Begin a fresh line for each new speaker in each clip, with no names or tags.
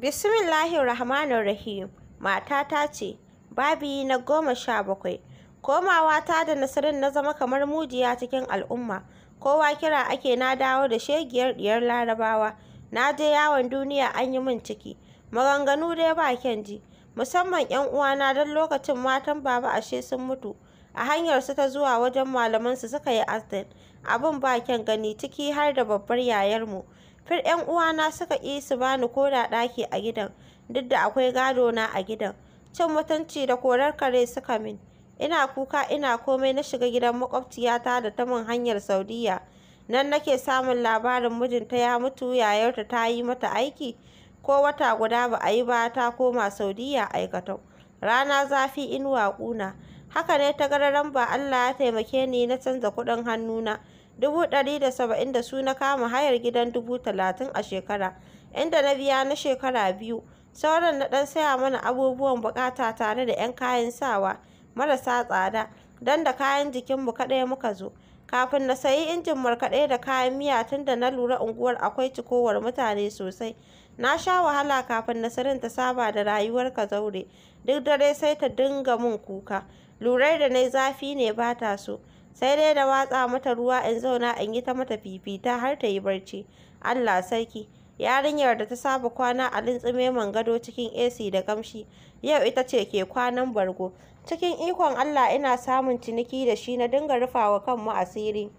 rahim Matata ce, babi na goma sha bakwai. Komawa ta da Nasirin na zama kamar mujiya cikin al'umma. Kowa kira ake na dawo da shegiyar diyar larabawa. Na je yawon duniya an yi min ciki. Maganganu dai ba kyan ji. Musamman 'yan uwana don lokacin matan baba ashe sun mutu. A hanyarsu ta zuwa wajen malamansu suka yi asdin. Abin ba kyan gani ciki har da babbar yayarmu. fir yan uwana suka yi su bani koda ɗaki a gidan duk da akwai gado na a gidan cin mutunci da korar kare suka min ina kuka ina komai na shiga gidan makwabciyata da ta min hanyar saudiya nan nake samun labarin mijinta ya mutu yayarta ta yi mata aiki ko wata guda ba a yi ba ta koma saudiya aikatau rana zafi inuwa ƙuna haka ne ta gararan ba allah ya taimake ni na canza kuɗin hannuna dubu ɗari da saba'in da su na kama hayar gidan dubu talatin a shekara inda na biya na shekara biyu sauran na ɗan saya mana abubuwan buƙata tare da 'yan kayan sawa marasa tsada don da kayan jikinmu kaɗai muka zo kafin na sayi injin markaɗe da kayan miya tun da na lura unguwar akwai cikowar mutane sosai na sha wahala kafin nasirin ta saba da rayuwar zaure duk dare sai ta dinga mun kuka lurai da na zafi ne ba ta so sai dai da watsa mata ruwa in zauna in yi ta mata fifita har ta yi barci allah sarki yarinyar da ta saba kwana a lintsime man gado cikin ac da kamshi yau ita ce ke kwanan bargo cikin ikon allah ina samun ciniki da shi na dinga rufawa kanmu asiri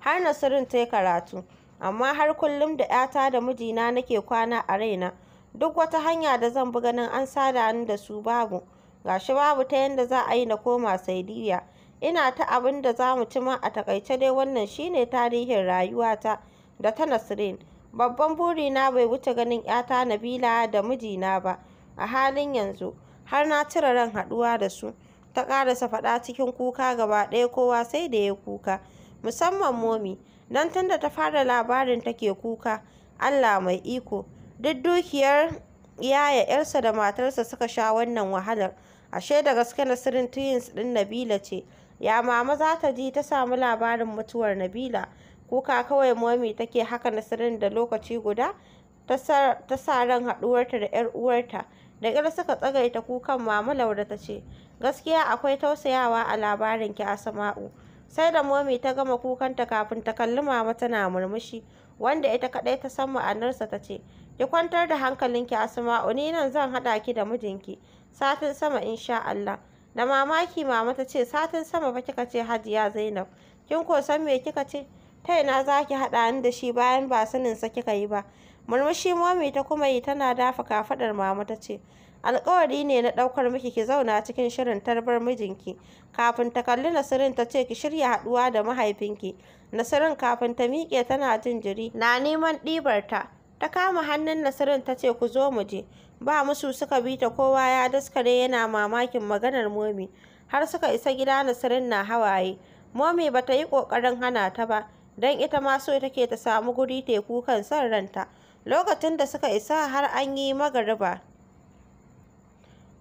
har nasirin ta yi karatu amma har kullum da 'yata da mijina nake kwana a raina duk wata hanya da zan bi ganin an sada ni da su babu gashi babu ta yadda za a yi na koma saidiya ina ta abin da za mu ci ma a takaice dai wannan shine tarihin rayuwata da ta Nasrin babban burina bai wuce ganin 'yata Nabila da mijina ba a halin yanzu har na cire ran haɗuwa da su ta ƙarasa faɗa cikin kuka gaba ɗaya kowa sai da ya kuka musamman momi don tun da ta fara labarin take kuka Allah mai iko duk dukiyar yaya yarsa da matarsa suka sha wannan wahalar ashe da gaske Nasirin twins ɗin Nabila ce ya mama za ta ji ta samu labarin mutuwar nabila kuka kawai momi take haka nasirin da lokaci guda ta sa ran haɗuwarta da 'yar uwarta da ƙyar suka tsagaita kukan mama laura ta ce gaskiya akwai tausayawa a labarin ki asma'u sai da momi ta gama kukanta kafin ta kalli mama tana murmushi wanda ita kaɗai ta san ma'anarsa ta ce ki kwantar da hankalinki asma'u ni nan zan haɗa ki da mijinki satin sama insha Allah da mamaki mama ta ce satin sama fa kika ce hajiya zainab kin ko san me kika ce ta ina za ki haɗa ni da shi bayan ba saninsa kika yi ba murmushi momi ta kuma yi tana dafa kafaɗar mama ta ce Alƙawari ne na ɗaukar miki ki zauna cikin shirin tarbar mijinki kafin ta kalli nasirin ta ce ki shirya haɗuwa da mahaifinki nasirin kafin ta miƙe tana jin jiri na neman ɗibar ta ta kama hannun Nasirin ta ce ku zo mu je ba musu suka bi ta kowa ya daskare yana mamakin maganar momi har suka isa gida Nasirin na hawaye momi ba ta yi ƙoƙarin hana ta ba don ita ma so take ta samu guri teku kan son ranta lokacin da suka isa har an yi magariba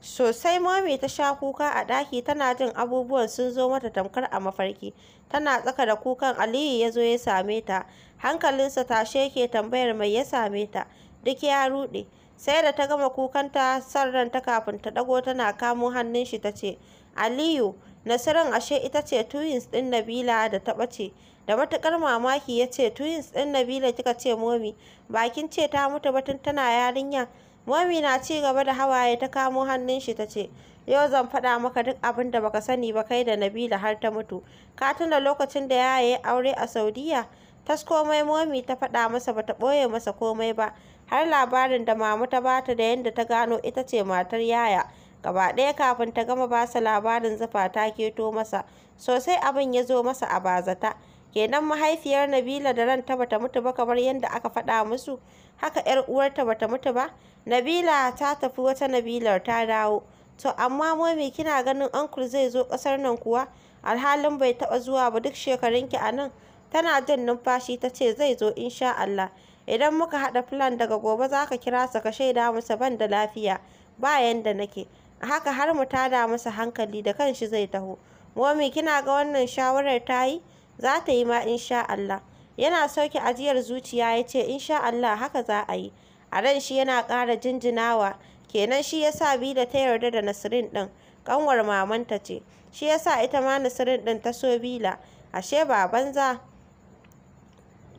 sosai momi ta sha kuka a ɗaki tana jin abubuwan sun zo mata tamkar a mafarki tana tsaka da kukan aliyu ya zo ya same ta hankalinsa tashe ke tambayar mai ya same ta duk ya ruɗe sai da ta gama kukanta san ranta kafin ta dago tana kamo hannun shi ta ce aliyu nasirin ashe ita ce twins ɗin nabila da ta ɓace da matukar mamaki ya ce twins ɗin nabila kika ce momi bakin ce ta mutu batun tana yarinya momi na ci gaba da hawaye ta kamo hannun shi ta ce yau zan faɗa maka duk abin da baka sani ba kai da nabila har ta mutu ka tuna lokacin da yaye aure a saudiya komai momi ta faɗa masa bata ɓoye masa komai ba har labarin da mamu ta bata da yadda ta gano ita ce matar yaya gaba ɗaya kafin ta gama basa labarin zufa ta keto masa sosai abin ya zo masa a bazata kenan mahaifiyar Nabila da ranta bata mutu ba kamar yadda aka faɗa musu haka ƴar uwarta bata mutu ba Nabila ta tafi wata Nabilar ta dawo to amma momi kina ganin uncle zai zo ƙasar nan kuwa alhalin bai taɓa zuwa ba duk shekarunki a nan tana jin numfashi ta ce zai zo insha Allah idan muka haɗa filan daga gobe za ka kira su ka shaida musu ban da lafiya bayan da nake haka har mu tada masa hankali da kanshi zai taho momi kina ga wannan shawarar ta yi za ta yi ma insha Allah yana sauke ajiyar zuciya ya ce insha Allah haka za a yi a ran shi yana ƙara jinjinawa kenan shi yasa Bila ta yarda da Nasirin ɗin ƙanwar mamanta ce shi yasa ita ma Nasirin ɗin ta so Bila ashe ba banza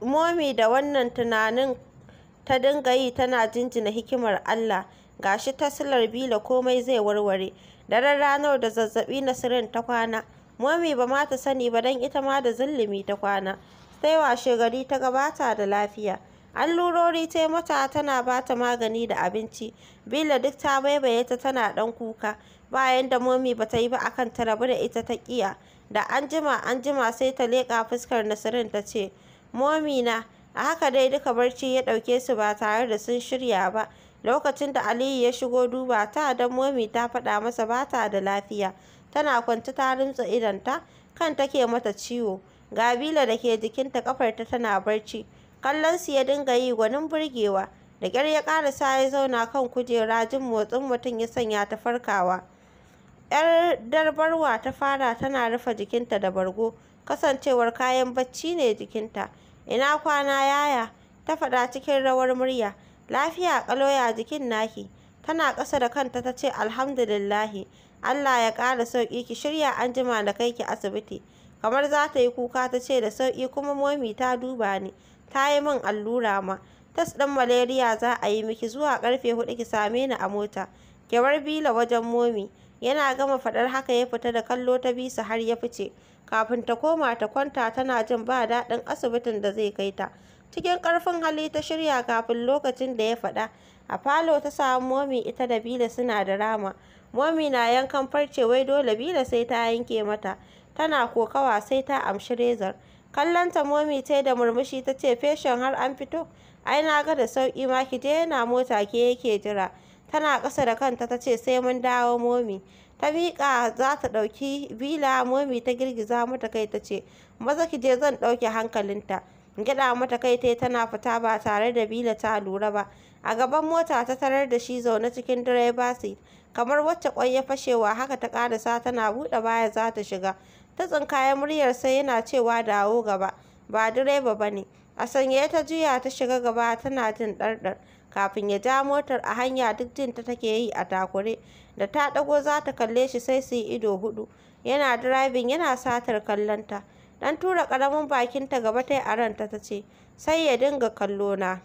Momi da wannan tunanin ta dinga yi tana jinjina hikimar Allah, ga shi ta silar Bila komai zai warware. Daren ranar da zazzaɓi sirin ta kwana, Momi ba ma ta sani ba don ita ma da zullumi ta kwana. Sai washegari ta gabata da lafiya. Allurori ta mata tana ba ta magani da abinci. Bila duk ta baibaye ta tana dan kuka. Bayan da momi ba ta yi ba akan ta rabu da ita ta ƙiya. Da an jima an jima sai ta leƙa fuskar Nasirin ta ce, momina a haka dai duka barci ya ɗauke su ba tare da sun shirya ba lokacin da aliyu ya shigo duba ta don momi ta faɗa masa ba ta da lafiya tana kwance ta rintsa idonta kan take mata ciwo gabila da ke jikinta kafarta tana barci kallon su ya dinga yi gwanin burgewa da kyar ya ƙarasa ya zauna kan kujera jin motsin mutum ya sanya ta farkawa 'yar darbarwa ta fara tana rufe jikinta da bargo kasancewar kayan bacci ne jikinta ina kwana yaya ta faɗa cikin rawar murya lafiya ƙaloya jikin naki tana ƙasa da kanta ta ce alhamdulillahi allah ya ƙara sauƙi ki shirya anjima da kai ki asibiti kamar za ta yi kuka ta ce da sauƙi kuma momi ta duba ni ta yi min allura ma tas ɗin malaria za a yi miki zuwa karfe huɗu ki same ni a mota ki bila wajen momi yana gama faɗar haka ya fita da kallo ta bisa har ya fice kafin ta koma ta kwanta tana jin ba daɗin asibitin da zai kai ta cikin ƙarfin hali ta shirya kafin lokacin da ya faɗa a falo ta samu momi ita da bila suna da rama momi na yankan farce wai dole bila sai ta yanke mata tana kokawa sai ta amshi rezar kallonta momi ta da murmushi ta ce feshin har an fito ai na ga da sauƙi ma ki je yana mota ke yake jira tana ƙasa da kanta ta ce sai mun dawo momi ta miƙa za ta ɗauki bila momi ta girgiza mata kai ta ce maza ki je zan ɗauke hankalinta Gida mata kai ta tana fita ba tare da bila ta lura ba a gaban mota ta tarar da shi zaune cikin direba seat kamar wacce ƙwai ya fashewa haka ta ƙarasa tana buɗe baya za ta shiga ta tsinkaya muryar sai yana cewa dawo gaba ba direba ba ne a sanye ta juya ta shiga gaba tana jin ɗarɗar kafin ya ja motar a hanya duk jin ta take yi a takure da ta ɗago za ta kalle shi sai su yi ido hudu yana driving yana satar kallonta dan tura karamin bakin ta gaba ta a ranta ta ce sai ya dinga kallo na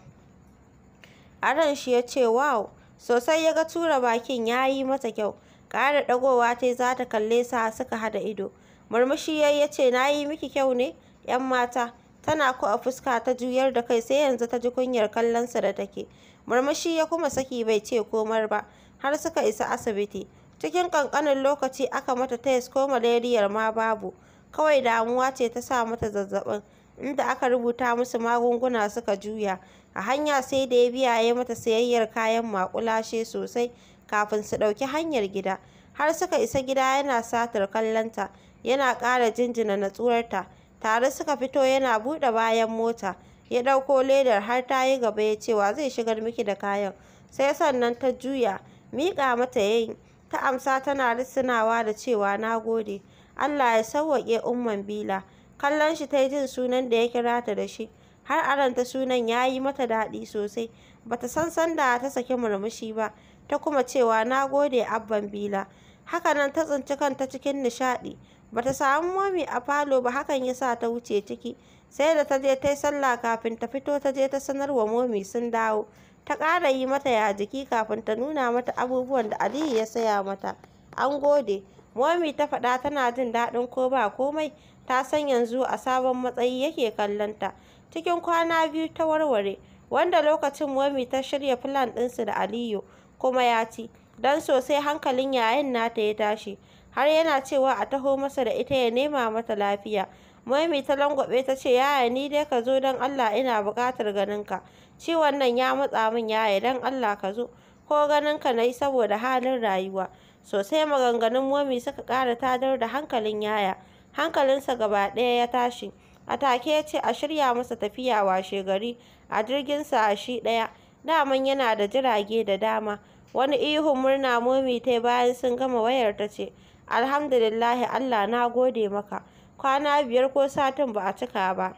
a ran shi ya ce wow sosai ya ga tura bakin ya yi mata kyau kare ɗagowa ta za ta kalle sa suka hada ido murmushi ya ya ce na yi miki kyau ne yan mata tana ku a fuska ta juyar da kai sai yanzu ta ji kunyar kallonsa da take murmushi ya kuma saki bai ce komar ba har suka isa asibiti cikin kankanin lokaci aka mata test ko malariyar ma babu kawai damuwa ce ta sa mata zazzaɓin inda aka rubuta musu magunguna suka juya a hanya sai da ya biya ya mata sayayyar kayan makulashe sosai kafin su ɗauki hanyar gida har suka isa gida yana satar kallonta yana ƙara jinjina natsuwarta tare suka fito yana buɗe bayan mota ya ɗauko ledar har ta yi gaba ya ce wa zai shigar miki da kayan sai sannan ta juya miƙa mata yayi ta amsa tana risinawa da cewa na gode Allah ya sauwaƙe umman bila kallon shi ta yi jin sunan da ya kira ta da shi har aranta sunan ya yi mata daɗi sosai bata san sanda ta saki murmushi ba ta kuma cewa na gode abban bila hakanan ta tsinci kanta cikin nishaɗi bata samu Momi a falo ba hakan ya sa ta wuce ciki sai da ta je ta yi sallah kafin ta fito ta je ta sanar wa momi sun dawo ta ƙara yi mata ya jiki kafin ta nuna mata abubuwan da aliyu ya saya mata an gode momi ta faɗa tana jin daɗin ko ba komai ta san yanzu a sabon matsayi yake kallonta cikin kwana biyu ta warware wanda lokacin momi ta shirya filan ɗinsu da aliyu kuma ya ci don sosai hankalin yayin nata ya tashi har yana cewa a taho masa da ita ya nema mata lafiya Momi ta langwabe ta ce yaya ni dai ka zo don Allah ina buƙatar ganinka ciwon nan ya matsa min yaya don Allah ka zo ko ganinka na yi saboda halin rayuwa sosai maganganun momi suka ƙara tadar da hankalin yaya hankalinsa gaba ɗaya ya tashi a take ya ce a shirya masa tafiya washe gari a jirginsa a shi ɗaya daman yana da jirage da dama wani ihun murna momi ta bayan sun gama wayar ta ce alhamdulillahi allah na gode maka kwana biyar ko satin ba a cika ba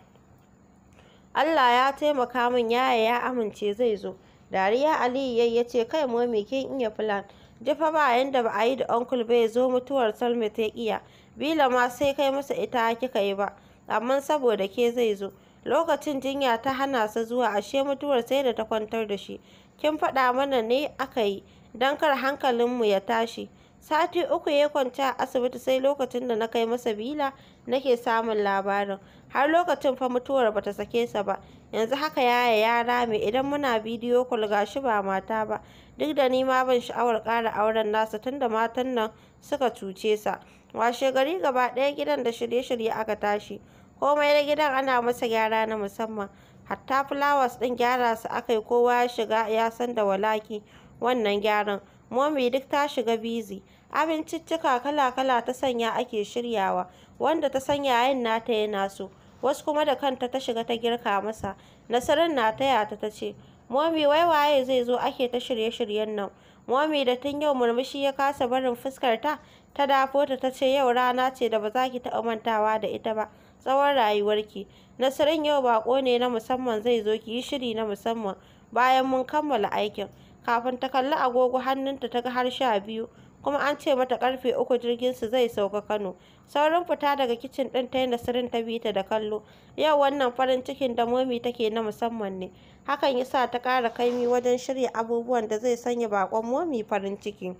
allah ya taimaka min yaya ya amince zai zo dariya aliyu yayi ya ce kai momi kin iya filan jifa ba yanda ba a yi da uncle bai zo mutuwar salma ta iya bila ma sai kai masa ita kika yi ba amma saboda ke zai zo lokacin jinya ta hana sa zuwa ashe mutuwar sai da ta kwantar da shi kin faɗa mana ne aka yi don kar hankalinmu ya tashi sati uku ya kwanta a asibiti sai lokacin da na kai masa bila nake samun labarin har lokacin fa mutuwar bata sake sa ba yanzu haka yaya ya rame idan muna bidiyo kul gashi ba mata ba duk da ni ma ban sha'awar ƙara auren nasa tunda matan nan suka cuce sa washe gari gaba ɗaya gidan da shirye-shirye aka tashi komai na gidan ana masa gyara na musamman hatta flowers ɗin gyara su aka yi kowa ya shiga ya san da walaki wannan gyaran Momi duk ta shiga bizi. Abinciccika kala-kala ta sanya ake shiryawa, wanda ta sanya yin nata yana so, wasu kuma da kanta ta shiga ta girka masa. Nasarar na taya ta ta ce, Momi wai waye zai zo ake ta shirye-shiryen nan? Momi da tun yau murmushi ya kasa barin fuskarta, ta dafo ta ta ce yau rana ce da ba za ki taɓa mantawa da ita ba tsawon rayuwarki. Nasarin yau baƙo ne na musamman zai zo ki yi shiri na musamman bayan mun kammala aikin. kafin ta kalli agogo hannunta ta ga har sha biyu kuma an ce mata karfe uku jirgin su zai sauka Kano. Saurin fita daga kicin ɗin ta yi Nasirin ta bi ta da kallo. Yau wannan farin cikin da momi take na musamman ne. Hakan ya sa ta ƙara kaimi wajen shirya abubuwan da zai sanya bakon momi farin ciki.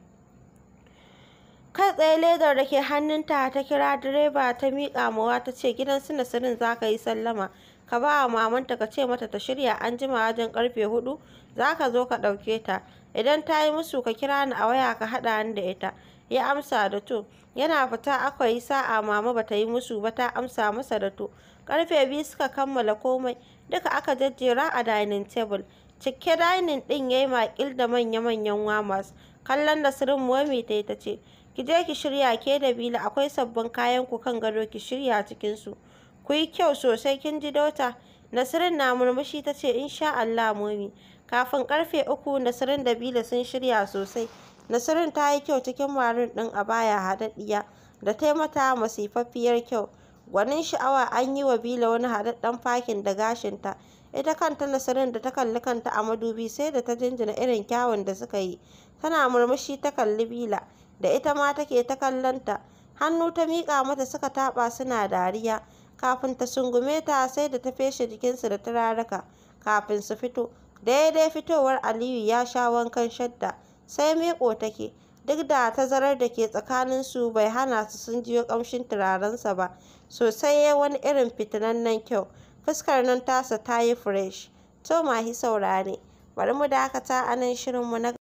Kai tsaye ledar da ke hannunta ta kira direba ta miƙa mawa ta ce gidan su Nasirin za ka yi sallama. ka ba wa mamanta ka ce mata ta shirya an jima wajen karfe hudu za ka zo ka ɗauke ta idan ta yi musu ka kira ni a waya ka haɗa ni da ita ya amsa da to yana fita aka sa'a mama ba ta yi musu ba ta amsa masa da to karfe biyu suka kammala komai duka aka jejjera a dining table cike dining din yayi makil da manya-manyan wamas kallon da sirin muwami ta yi ta ce ki je ki shirya ke da bila akwai sabbin kayan ku kan gado ki shirya cikin su ku yi kyau sosai kin ji dota nasirin na murmushi ta ce insha Allah mumi kafin karfe uku nasirin da bila sun shirya sosai nasirin ta yi kyau cikin marin din a baya haɗaɗɗiya da ta mata masifaffiyar kyau gwanin sha'awa an yi wa bila wani haɗaɗɗen fakin da gashinta ita kanta nasirin da ta kalli kanta a madubi sai da ta jinjina irin kyawun da suka yi tana murmushi ta kalli bila da ita ma take ta kallonta hannu ta miƙa mata suka taɓa suna dariya kafin ta sungume ta sai da ta feshe jikinsu da turaruka kafin su fito daidai fitowar aliyu ya sha wankan shadda sai miƙo take duk da tazarar da ke tsakaninsu bai hana su sun jiyo ƙamshin turarensa ba sosai ya wani irin fitinannen kyau fuskar nan tasa ta yi fresh to mahi saurare bari mu dakata a nan shirinmu na